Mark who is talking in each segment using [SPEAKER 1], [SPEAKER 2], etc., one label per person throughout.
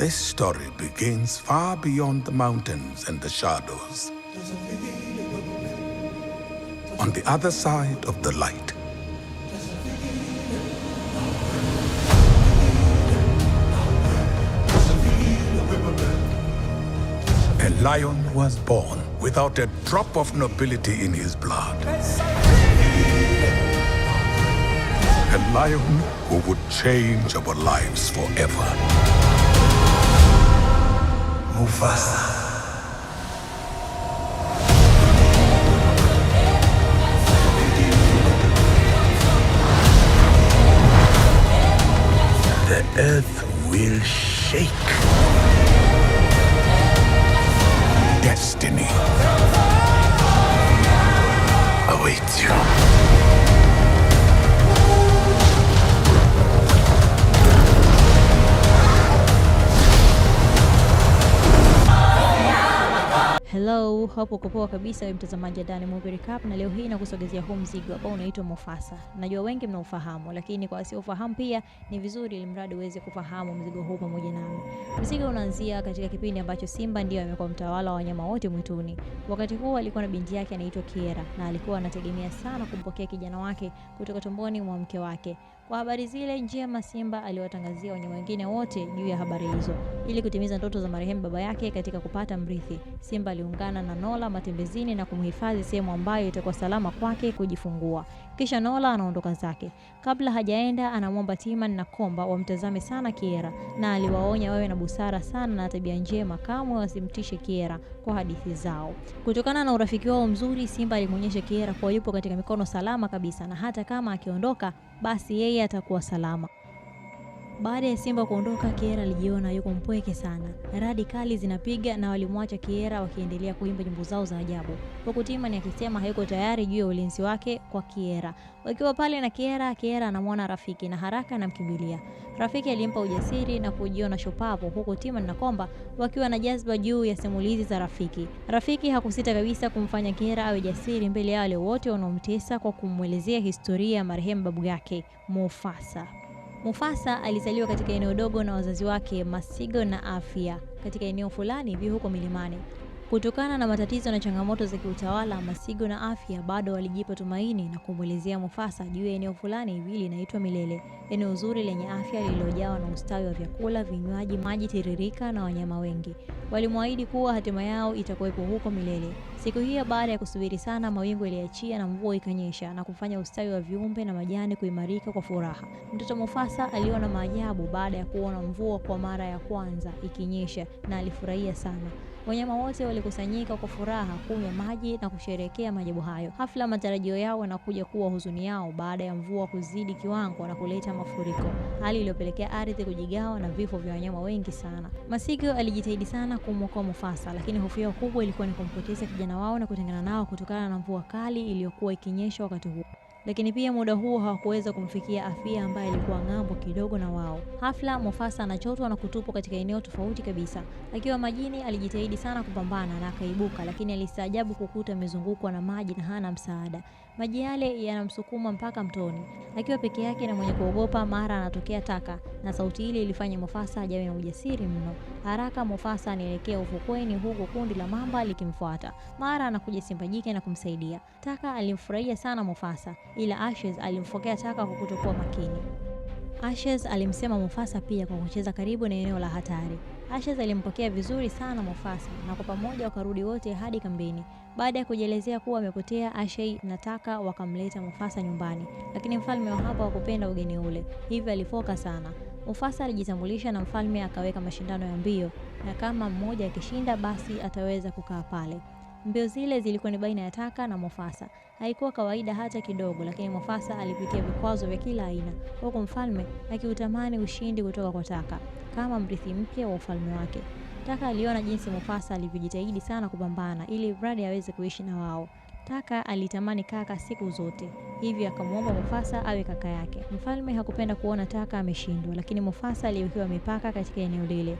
[SPEAKER 1] This story begins far beyond the mountains and the shadows. On the other side of the light. A lion was born without a drop of nobility in his blood. A lion who would change our lives forever. Mufasa. The earth will shake.
[SPEAKER 2] hapo uko poa kabisa wewe mtazamaji wa Dani Movie Recap, na leo hii nakusogezea huu mzigo ambao unaitwa Mufasa. Najua wengi mnaufahamu, lakini kwa wasiofahamu pia ni vizuri, ili mradi uweze kufahamu mzigo huu pamoja nami. Mzigo unaanzia katika kipindi ambacho Simba ndio amekuwa mtawala wa wanyama wote mwituni. Wakati huo alikuwa na binti yake anaitwa Kiera, na alikuwa anategemea sana kumpokea kijana wake kutoka tumboni mwa mke wake. Kwa habari zile njema, Simba aliwatangazia wanyama wengine wote juu ya habari hizo ili kutimiza ndoto za marehemu baba yake katika kupata mrithi. Simba aliungana na Nola matembezini na kumhifadhi sehemu ambayo itakuwa salama kwake kujifungua. Kisha Nola anaondoka zake. Kabla hajaenda, anamwomba Timan na Komba wamtazame sana Kiera, na aliwaonya wawe na busara sana na tabia njema, kamwe wasimtishe Kiera kwa hadithi zao. Kutokana na urafiki wao mzuri, Simba alimwonyesha Kiera kuwa yupo katika mikono salama kabisa, na hata kama akiondoka, basi yeye atakuwa salama. Baada ya Simba kuondoka, Kiera alijiona yuko mpweke sana. Radi kali zinapiga na walimwacha Kiera wakiendelea kuimba nyimbo zao za ajabu, huku Timani akisema hayuko tayari juu ya ulinzi wake kwa Kiera. Wakiwa pale na Kiera, Kiera anamwona Rafiki na haraka anamkimbilia. Rafiki alimpa ujasiri na kujiona shupavu, huku Timani na Komba wakiwa na jazba juu ya simulizi za Rafiki. Rafiki hakusita kabisa kumfanya Kiera awe jasiri mbele ya wale wote wanaomtesa kwa kumwelezea historia ya marehemu babu yake Mufasa. Mufasa alizaliwa katika eneo dogo na wazazi wake Masigo na Afia katika eneo fulani hivi huko milimani. Kutokana na matatizo na changamoto za kiutawala, Masigo na Afya bado walijipa tumaini na kumwelezea Mufasa juu ya eneo fulani hivi linaitwa Milele, eneo zuri lenye afya lililojawa na ustawi wa vyakula, vinywaji, maji tiririka na wanyama wengi. Walimwahidi kuwa hatima yao itakuwepo huko milele. Siku hiyo, baada ya kusubiri sana, mawingu yaliachia na mvua ikanyesha na kufanya ustawi wa viumbe na majani kuimarika kwa furaha. Mtoto Mufasa aliona maajabu baada ya kuona mvua kwa mara ya kwanza ikinyesha na alifurahia sana. Wanyama wote walikusanyika kwa furaha kunywa maji na kusherekea maajabu hayo. Hafla matarajio yao wanakuja kuwa huzuni yao baada ya mvua kuzidi kiwango na kuleta mafuriko, hali iliyopelekea ardhi kujigawa na vifo vya wanyama wengi sana. Masikio alijitahidi sana kumwokoa Mufasa, lakini hofu yao kubwa ilikuwa ni kumpoteza kijana wao na kutengana nao kutokana na mvua kali iliyokuwa ikinyesha wakati huo lakini pia muda huo hawakuweza kumfikia Afia ambaye alikuwa ng'ambo kidogo na wao. Hafla Mofasa anachotwa na kutupwa katika eneo tofauti kabisa. Akiwa majini, alijitahidi sana kupambana na akaibuka, lakini alistaajabu kukuta amezungukwa na maji na hana msaada. Maji yale yanamsukuma mpaka mtoni. Akiwa peke yake na mwenye kuogopa, mara anatokea taka, na sauti ile ilifanya Mofasa ajawe na ujasiri mno. Haraka Mofasa anaelekea ufukweni, huku kundi la mamba likimfuata. Mara anakuja Simba Jike na kumsaidia. Taka alimfurahia sana Mofasa ila Ashes alimfokea taka kwa kutokuwa makini. Ashes alimsema Mufasa pia kwa kucheza karibu na eneo la hatari. Ashes alimpokea vizuri sana Mufasa na kwa pamoja wakarudi wote hadi kambini. Baada ya kujielezea kuwa amepotea, Ashei na Taka wakamleta Mufasa nyumbani, lakini mfalme wa hapa hakupenda ugeni ule, hivyo alifoka sana. Mufasa alijitambulisha na mfalme akaweka mashindano ya mbio, na kama mmoja akishinda basi ataweza kukaa pale. Mbio zile zilikuwa ni baina ya Taka na Mofasa. Haikuwa kawaida hata kidogo, lakini Mofasa alipitia vikwazo vya kila aina, huku mfalme akiutamani ushindi kutoka kwa Taka kama mrithi mpya wa ufalme wake. Taka aliona jinsi Mofasa alivyojitahidi sana kupambana ili mradi aweze kuishi na wao. Taka alitamani kaka siku zote, hivyo akamwomba Mufasa awe kaka yake. Mfalme hakupenda kuona Taka ameshindwa, lakini Mufasa aliwekewa mipaka katika eneo lile.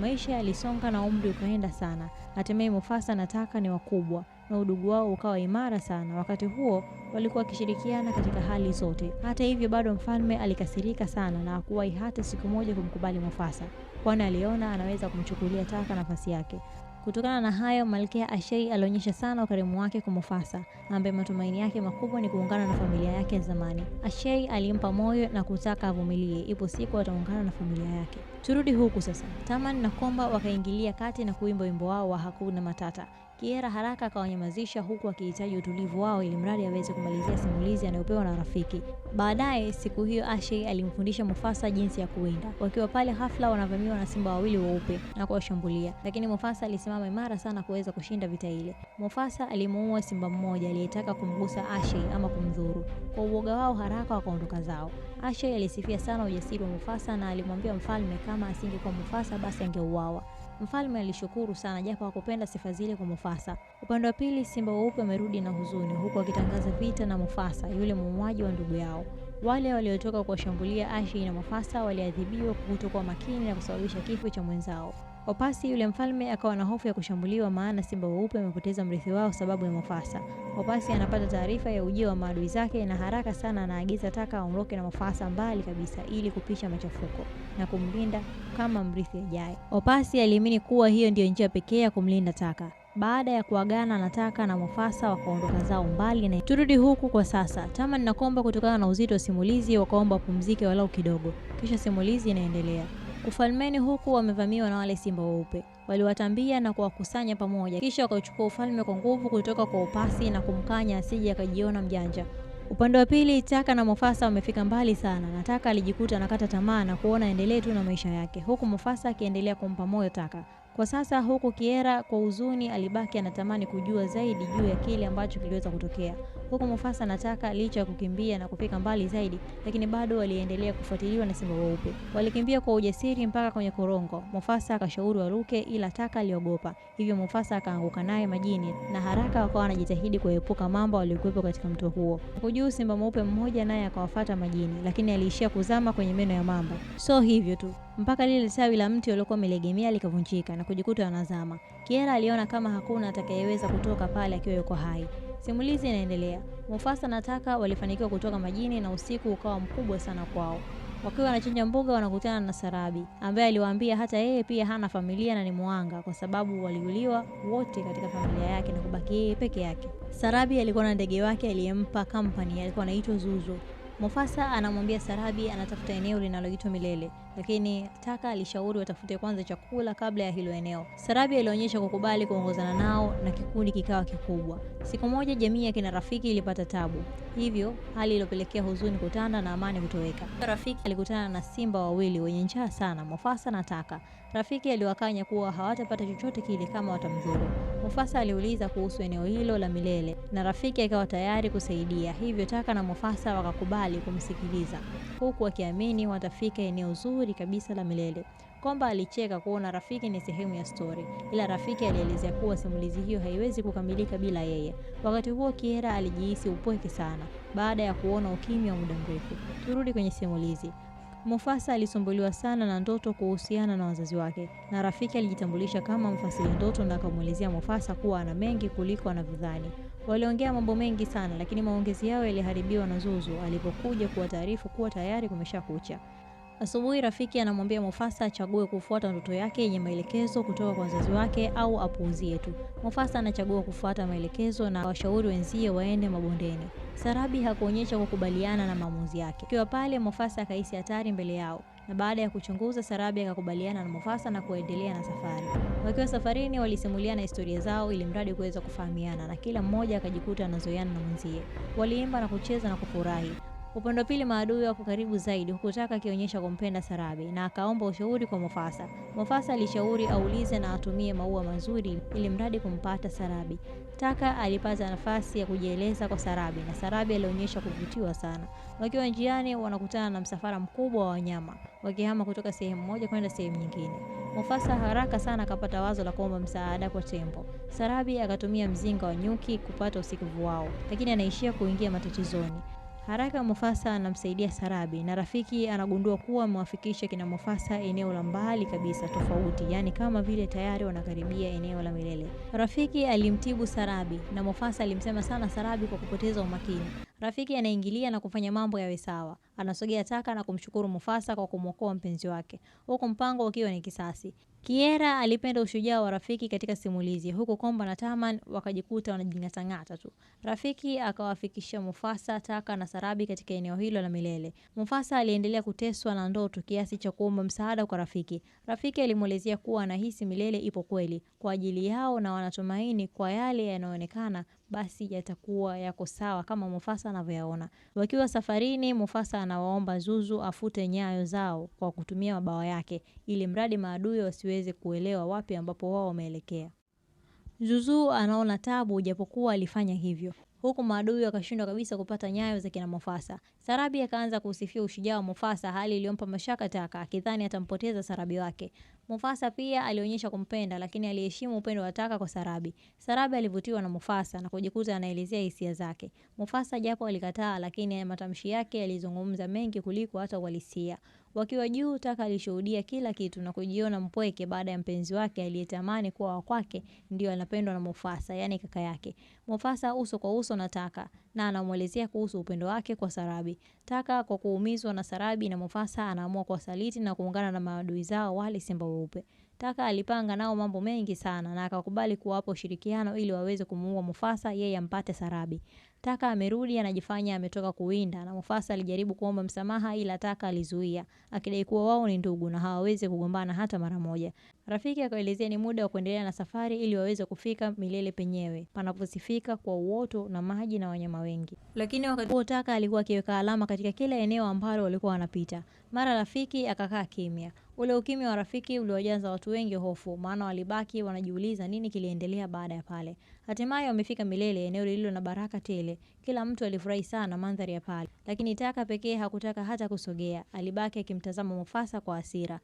[SPEAKER 2] Maisha yalisonga na umri ukaenda sana. Hatimaye Mufasa na Taka ni wakubwa na udugu wao ukawa imara sana. Wakati huo walikuwa wakishirikiana katika hali zote. Hata hivyo, bado mfalme alikasirika sana na hakuwahi hata siku moja kumkubali Mufasa, kwani aliona anaweza kumchukulia Taka nafasi yake. Kutokana na hayo, Malkia Ashei alionyesha sana ukarimu wake kwa Mufasa, ambaye matumaini yake makubwa ni kuungana na familia yake ya zamani. Ashei alimpa moyo na kutaka avumilie, ipo siku ataungana na familia yake. Turudi huku sasa. Taman na Komba wakaingilia kati na kuimba wimbo wao wa hakuna matata. Kiera haraka akawanyamazisha huku akihitaji utulivu wao ili mradi aweze kumalizia simulizi anayopewa na rafiki. Baadaye siku hiyo Ashe alimfundisha Mufasa jinsi ya kuwinda. Wakiwa pale, hafla wanavamiwa na simba wawili weupe na kuwashambulia, lakini Mufasa alisimama imara sana kuweza kushinda vita ile. Mufasa alimuua simba mmoja aliyetaka kumgusa Ashe ama kumdhuru. Kwa uoga wao, haraka wakaondoka zao. Ashe alisifia sana ujasiri wa Mufasa na alimwambia mfalme kama asingekuwa Mufasa basi angeuawa. Mfalme alishukuru sana japo hakupenda sifa zile kwa Mufasa. Upande wa pili, simba weupe amerudi na huzuni, huku akitangaza vita na Mufasa, yule muuaji wa ndugu yao. Wale waliotoka kuwashambulia Ashi na Mufasa waliadhibiwa kwa kutokuwa makini na kusababisha kifo cha mwenzao. Wapasi yule mfalme akawa na hofu ya kushambuliwa, maana simba weupe wamepoteza mrithi wao sababu ya Mufasa. Wapasi anapata taarifa ya ujio wa maadui zake, na haraka sana anaagiza Taka aondoke na Mufasa mbali kabisa, ili kupisha machafuko na kumlinda kama mrithi ajaye. Wapasi aliamini kuwa hiyo ndiyo njia pekee ya kumlinda Taka. Baada ya kuagana na Taka na Mufasa wakaondoka zao mbali. Na turudi huku kwa sasa, tama ninakomba kutokana na uzito wa simulizi, wakaomba wapumzike walau kidogo, kisha simulizi inaendelea. Ufalmeni huku wamevamiwa na wale simba weupe. Waliwatambia na kuwakusanya pamoja, kisha wakachukua ufalme kwa nguvu kutoka kwa upasi na kumkanya asije akajiona mjanja. Upande wa pili, Taka na Mufasa wamefika mbali sana, na Taka alijikuta anakata tamaa na kuona endelee tu na maisha yake, huku Mufasa akiendelea kumpa moyo Taka kwa sasa, huku Kiera kwa huzuni alibaki anatamani kujua zaidi juu ya kile ambacho kiliweza kutokea. Koko Mofasa anataka licha ya kukimbia na kufika mbali zaidi, lakini bado waliendelea kufuatiliwa na simba weupe. Walikimbia kwa ujasiri mpaka kwenye korongo. Mufasa akashauri waruke, ila Taka aliogopa, hivyo Mufasa akaanguka naye majini na haraka wakawa wanajitahidi kuepuka mamba waliokuwepo katika mto huo. Huko juu simba mweupe mmoja naye akawafuata majini, lakini aliishia kuzama kwenye meno ya mamba. So hivyo tu mpaka lile tawi la mti waliokuwa wamelegemea likavunjika na kujikuta wanazama. Kiera aliona kama hakuna atakayeweza kutoka pale akiwa yuko hai, Simulizi inaendelea. Mufasa na Taka walifanikiwa kutoka majini na usiku ukawa mkubwa sana kwao. Wakiwa wanachinja mbuga, wanakutana na Sarabi ambaye aliwaambia hata yeye pia hana familia na ni mwanga, kwa sababu waliuliwa wote katika familia yake na kubaki yeye peke yake. Sarabi alikuwa na ndege wake aliyempa kampani, alikuwa anaitwa Zuzu. Mufasa anamwambia Sarabi anatafuta eneo linaloitwa Milele, lakini Taka alishauri watafute kwanza chakula kabla ya hilo eneo. Sarabi alionyesha kukubali kuongozana nao na kikundi kikawa kikubwa. Siku moja jamii ya kina Rafiki ilipata tabu, hivyo hali iliyopelekea huzuni kutanda na amani kutoweka. Rafiki alikutana na simba wawili wenye njaa sana, Mufasa na Taka. Rafiki aliwakanya kuwa hawatapata chochote kile kama watamdhuru. Mufasa aliuliza kuhusu eneo hilo la milele na Rafiki akawa tayari kusaidia, hivyo Taka na Mufasa wakakubali kumsikiliza huku wakiamini watafika eneo zuri kabisa la milele. Komba alicheka kuona Rafiki ni sehemu ya stori, ila Rafiki alielezea kuwa simulizi hiyo haiwezi kukamilika bila yeye. Wakati huo Kiera alijihisi upweke sana baada ya kuona ukimya wa muda mrefu. Turudi kwenye simulizi. Mufasa alisumbuliwa sana na ndoto kuhusiana na wazazi wake, na rafiki alijitambulisha kama mfasiri ndoto na akamwelezea Mufasa kuwa ana mengi kuliko anavyodhani. Waliongea mambo mengi sana, lakini maongezi yao yaliharibiwa na Zuzu alipokuja kuwataarifu kuwa tayari kumeshakucha. Asubuhi rafiki anamwambia Mufasa achague kufuata ndoto yake yenye maelekezo kutoka kwa wazazi wake au apuuzie tu. Mufasa anachagua kufuata maelekezo na washauri wenzie waende mabondeni. Sarabi hakuonyesha kukubaliana na maamuzi yake. Akiwa pale, Mufasa akahisi hatari mbele yao na baada ya kuchunguza Sarabi akakubaliana na Mufasa na kuendelea na safari. Wakiwa safarini, walisimuliana historia zao ili mradi kuweza kufahamiana, na kila mmoja akajikuta anazoeana na mwenzie. Waliimba na kucheza na kufurahi. Upande wa pili maadui wako karibu zaidi, huku Taka akionyesha kumpenda Sarabi na akaomba ushauri kwa Mufasa. Mufasa alishauri aulize na atumie maua mazuri ili mradi kumpata Sarabi. Taka alipata nafasi ya kujieleza kwa Sarabi na Sarabi alionyesha kuvutiwa sana. Wakiwa njiani, wanakutana na msafara mkubwa wa wanyama wakihama kutoka sehemu moja kwenda sehemu nyingine. Mufasa haraka sana akapata wazo la kuomba msaada kwa tembo. Sarabi akatumia mzinga wa nyuki kupata usikivu wao, lakini anaishia kuingia matatizoni. Haraka Mufasa anamsaidia Sarabi na rafiki anagundua kuwa amewafikisha kina Mufasa eneo la mbali kabisa tofauti, yaani kama vile tayari wanakaribia eneo la milele. Rafiki alimtibu Sarabi na Mufasa alimsema sana Sarabi kwa kupoteza umakini. Rafiki anaingilia na kufanya mambo yawe sawa anasogea taka na kumshukuru Mufasa kwa kumwokoa mpenzi wake, huku mpango ukiwa ni kisasi. Kiera alipenda ushujaa wa Rafiki katika simulizi, huku Komba na Taman wakajikuta wanajing'atang'ata tu. Rafiki akawafikishia Mufasa taka na Sarabi katika eneo hilo la milele. Mufasa aliendelea kuteswa na ndoto kiasi cha kuomba msaada kwa Rafiki. Rafiki alimwelezea kuwa anahisi milele ipo kweli kwa ajili yao na wanatumaini kwa yale yanayoonekana basi yatakuwa yako sawa kama Mufasa anavyoyaona. Wakiwa safarini, Mufasa anawaomba Zuzu afute nyayo zao kwa kutumia mabawa yake, ili mradi maadui wasiweze kuelewa wapi ambapo wao wameelekea. Zuzu anaona tabu, japokuwa alifanya hivyo, huku maadui wakashindwa kabisa kupata nyayo za kina Mufasa. Sarabi akaanza kusifia ushujaa wa Mufasa, hali iliyompa mashaka Taka akidhani atampoteza Sarabi wake. Mufasa pia alionyesha kumpenda, lakini aliheshimu upendo wa Taka kwa Sarabi. Sarabi alivutiwa na Mufasa na kujikuta anaelezea hisia zake. Mufasa japo alikataa, lakini matamshi yake yalizungumza mengi kuliko hata uhalisia. Wakiwa juu, Taka alishuhudia kila kitu na kujiona mpweke baada ya mpenzi wake aliyetamani kuwa wa kwake ndio anapendwa na Mufasa, yani kaka yake. Mufasa uso kwa uso na Taka na anamwelezea kuhusu upendo wake kwa Sarabi. Taka kwa kuumizwa na Sarabi na Mufasa anaamua kuwasaliti na kuungana na maadui zao wale Simba Weupe. Taka alipanga nao mambo mengi sana na akakubali kuwapa ushirikiano ili waweze kumuua Mufasa yeye ampate Sarabi. Taka amerudi anajifanya ametoka kuwinda na Mufasa alijaribu kuomba msamaha ila Taka alizuia, akidai kuwa wao ni ndugu na hawawezi kugombana hata mara moja. Rafiki akaelezea ni muda wa kuendelea na safari ili waweze kufika milele penyewe panaposifika kwa uoto na maji na wanyama wengi. Lakini wakati huo Taka alikuwa akiweka alama katika kila eneo ambalo walikuwa wanapita. Mara Rafiki akakaa kimya. Ule ukimya wa Rafiki uliwajaza watu wengi hofu, maana walibaki wanajiuliza nini kiliendelea baada ya pale. Hatimaye wamefika Milele, eneo lililo na baraka tele. Kila mtu alifurahi sana mandhari ya pale, lakini Taka pekee hakutaka hata kusogea. Alibaki akimtazama Mufasa kwa hasira.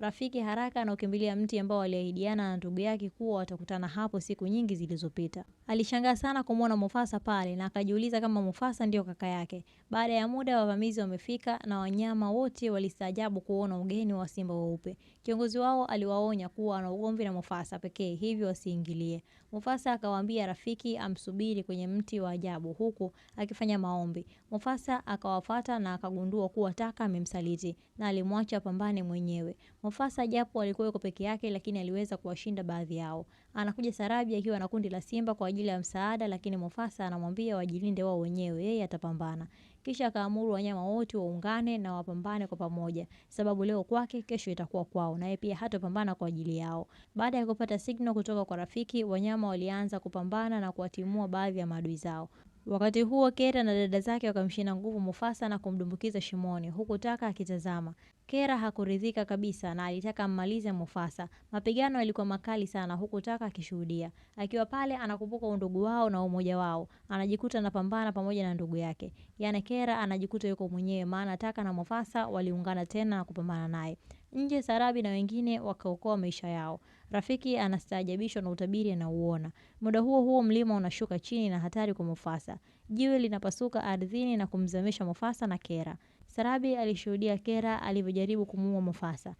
[SPEAKER 2] Rafiki haraka anaukimbilia mti ambao waliahidiana na ndugu yake kuwa watakutana hapo siku nyingi zilizopita. Alishangaa sana kumwona Mufasa pale na akajiuliza kama Mufasa ndio kaka yake. Baada ya muda, wavamizi wamefika na wanyama wote walistaajabu kuona ugeni wa simba weupe. Kiongozi wao aliwaonya kuwa ana ugomvi na Mufasa pekee, hivyo wasiingilie. Mufasa akawa akamwambia rafiki amsubiri kwenye mti wa ajabu huku akifanya maombi. Mufasa akawafata na akagundua kuwa Taka amemsaliti na alimwacha apambane mwenyewe. Mufasa japo alikuwa yuko peke yake, lakini aliweza kuwashinda baadhi yao. Anakuja Sarabi akiwa na kundi la simba kwa ajili ya msaada, lakini Mufasa anamwambia wajilinde wao wenyewe, yeye atapambana. Kisha akaamuru wanyama wote waungane na wapambane kwa pamoja, sababu leo kwake, kesho itakuwa kwao, naye pia hatapambana kwa ajili yao. Baada ya kupata signal kutoka kwa rafiki, wanyama walianza kupambana na kuwatimua baadhi ya maadui zao. Wakati huo Kera na dada zake wakamshinda nguvu Mufasa na kumdumbukiza shimoni huku Taka akitazama. Kera hakuridhika kabisa na alitaka ammalize Mufasa. Mapigano yalikuwa makali sana huku Taka akishuhudia. Akiwa pale anakumbuka undugu wao na umoja wao. Anajikuta anapambana pamoja na ndugu yake. Yaani Kera anajikuta yuko mwenyewe maana Taka na Mufasa waliungana tena na kupambana naye nje Sarabi na wengine wakaokoa maisha yao. Rafiki anastaajabishwa na utabiri anauona. Muda huo huo mlima unashuka chini na hatari kwa Mufasa. Jiwe linapasuka ardhini na kumzamisha Mufasa na Kera. Sarabi alishuhudia Kera alivyojaribu kumuua Mufasa.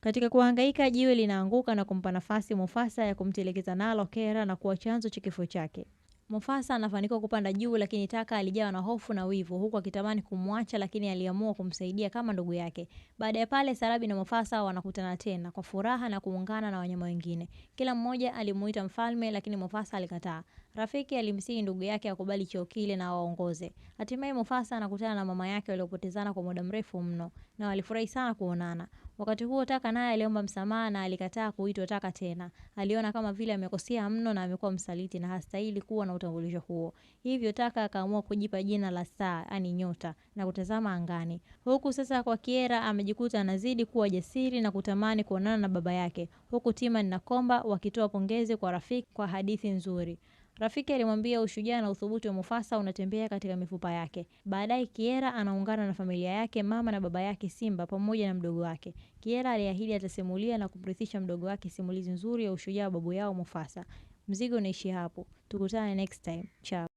[SPEAKER 2] Katika kuhangaika, jiwe linaanguka na kumpa nafasi Mufasa ya kumtelekeza nalo Kera na kuwa chanzo cha kifo chake. Mofasa anafanikiwa kupanda juu lakini Taka alijawa na hofu na wivu huku akitamani kumwacha lakini aliamua kumsaidia kama ndugu yake. Baada ya pale Sarabi na Mofasa wanakutana tena kwa furaha na kuungana na wanyama wengine. Kila mmoja alimuita mfalme lakini Mofasa alikataa. Rafiki alimsihi ndugu yake akubali cheo kile na awaongoze. Hatimaye Mufasa anakutana na mama yake waliopotezana kwa muda mrefu mno na walifurahi sana kuonana. Wakati huo Taka naye aliomba msamaha na alikataa kuitwa Taka tena. Aliona kama vile amekosea mno na amekuwa msaliti na hastahili kuwa na utambulisho huo. Hivyo Taka akaamua kujipa jina la Saa, yani nyota, na kutazama angani. Huku sasa kwa Kiera amejikuta anazidi kuwa jasiri na kutamani kuonana na baba yake. Huku Timani na Komba wakitoa pongezi kwa Rafiki kwa hadithi nzuri. Rafiki alimwambia ushujaa na uthubutu wa Mufasa unatembea katika mifupa yake. Baadaye Kiera anaungana na familia yake, mama na baba yake Simba pamoja na mdogo wake. Kiera aliahidi atasimulia na kumrithisha mdogo wake simulizi nzuri ya ushujaa wa babu yao Mufasa. Mzigo unaishi hapo. Tukutane next time. Ciao.